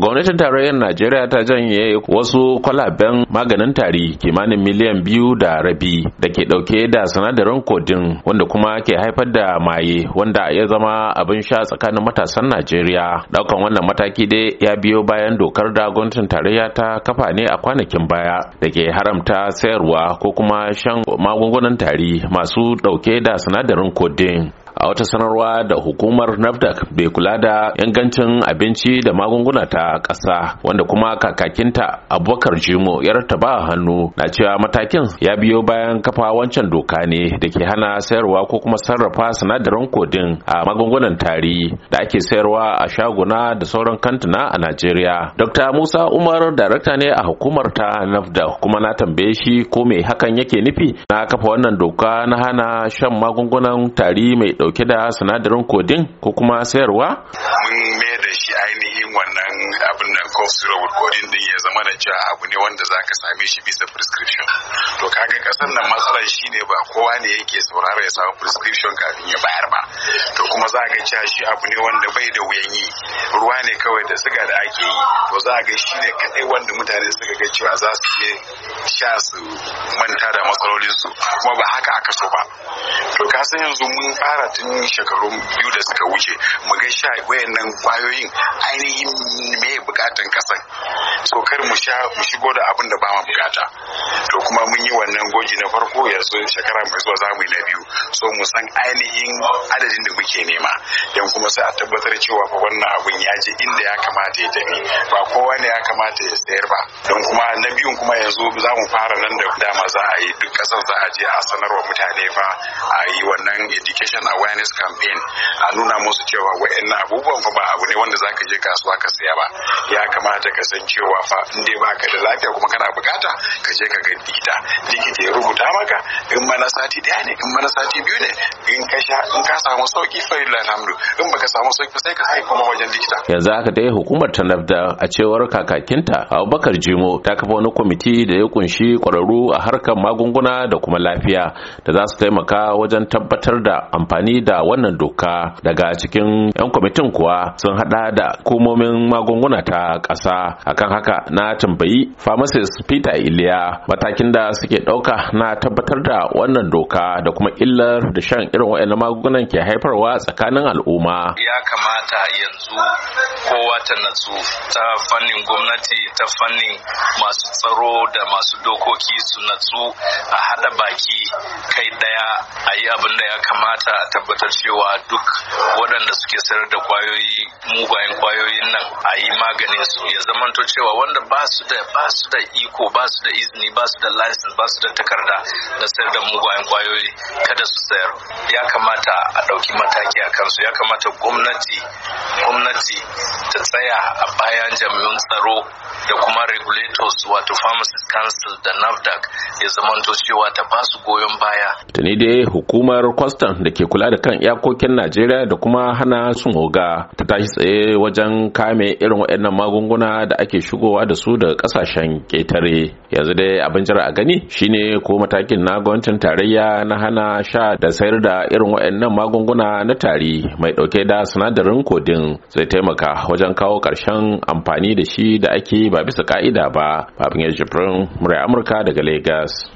gwamnatin tarayyar najeriya ta janye wasu kwalaben maganin tari kimanin miliyan biyu da rabi da ke dauke da sinadarin kodin wanda kuma ke haifar da maye wanda ya zama abin sha tsakanin matasan najeriya daukan wannan mataki dai ya biyo bayan dokar da gwamnatin tarayya ta kafa ne a kwanakin baya da ke haramta sayarwa ko kuma shan magungunan tari masu dauke da sinadarin kodin a wata sanarwa da hukumar nafdac bai kula da ingancin abinci da magunguna ta ƙasa wanda kuma kakakinta abubakar jimo ya ba hannu na cewa matakin ya biyo bayan kafa wancan doka ne da ke hana sayarwa ko kuma sarrafa sinadarin kodin a magungunan tari da ake sayarwa a shaguna da sauran kantuna a najeriya dr musa umar darakta ne a hukumar ta nafdac kuma na tambaye shi ko me hakan yake nufi na kafa wannan doka na hana shan magungunan tari mai dauke da sinadarin kodin ko kuma sayarwa mun mai da shi ainihin wannan abin nan cough syrup kodin din ya zama da cewa abu ne wanda zaka same shi bisa prescription kasar nan matsalar shi ba kowa ne yake saurara ya samu prescription kafin ya bayar ba to kuma za ga cewa shi abu ne wanda bai da wuyan yi ruwa ne kawai da siga da ake yi to za ga shi ne kadai wanda mutane suka ga cewa za su je sha su manta da matsalolin su kuma ba haka aka so ba to ka san yanzu mun fara tun shekarun biyu da suka wuce mu ga sha wayannan kwayoyin ainihin me bukatan kasan so kar mu sha mu shigo da abin da ba mu bukata wannan gwaji na farko yanzu shekara mai zuwa zamu na biyu so mu san ainihin adadin da muke nema don kuma sai a tabbatar cewa fa wannan abun ya je inda ya kamata ya tafi ba kowa ne ya kamata ya sayar ba don kuma na biyun kuma yanzu za mu fara nan da dama za a yi duk kasar za a je a sanarwa mutane fa a yi wannan education awareness campaign a nuna musu cewa wa'annan abubuwan fa ba abu ne wanda zaka je kasuwa ka saya ba ya kamata ka san cewa fa in dai baka da lafiya kuma kana bukata ka je ka ga likita likita ya rubuta maka in sati daya ne in sati biyu ne in ka sha in ka samu sauki fa alhamdu in baka samu sauki sai ka sai kuma wajen likita yanzu haka dai hukumar ta nafda a cewar kakakinta Abubakar Jimo ta kafa wani kwamiti da ya kunshi kwararru a harkar magunguna da kuma lafiya da za su taimaka wajen tabbatar da amfani da wannan doka daga cikin 'yan kwamitin kuwa sun hada da hukumomin magunguna ta ƙasa akan haka na tambayi pharmacist Peter Iliya matakin da suke ɗauka na tabbatar da wannan doka da kuma illar da shan irin waɗannan magungunan ke haifarwa tsakanin al'umma. Ya kamata yanzu kowa ta natsu ta fannin gwamnati ta fannin masu tsaro da masu dokoki su natsu a haɗa baki kai ɗaya a yi abin da ya kamata a tabbatar cewa duk waɗanda suke sayar da kwayoyi mugayen kwayoyin nan a yi maganin su ya zamanto cewa wanda ba su da ba su da iko ba su da izini ba su da license ba su da takarda na sayar da mugayen kwayoyi kada su sayar ya kamata a ɗauki mataki a kansu ya kamata gwamnati gwamnati ta tsaya a bayan jami'un tsaro da kuma regulators wato pharmacist council da nafdac ya zamanto cewa ta ba su goyon baya tuni dai hukumar Kwastan, da ke kula da kan iyakokin najeriya da kuma hana sun hoga ta tashi tsaye wajen kame irin waɗannan magunguna da ake shigowa da su daga kasashen ƙetare yanzu dai abin jira a gani shine ko matakin na gwamnatin tarayya na hana sha da sayar da irin waɗannan magunguna na tari mai ɗauke da sinadarin kodin zai taimaka wajen kawo ƙarshen amfani da shi da ake ba bisa ƙa'ida ba babin ya murai amurka daga lagos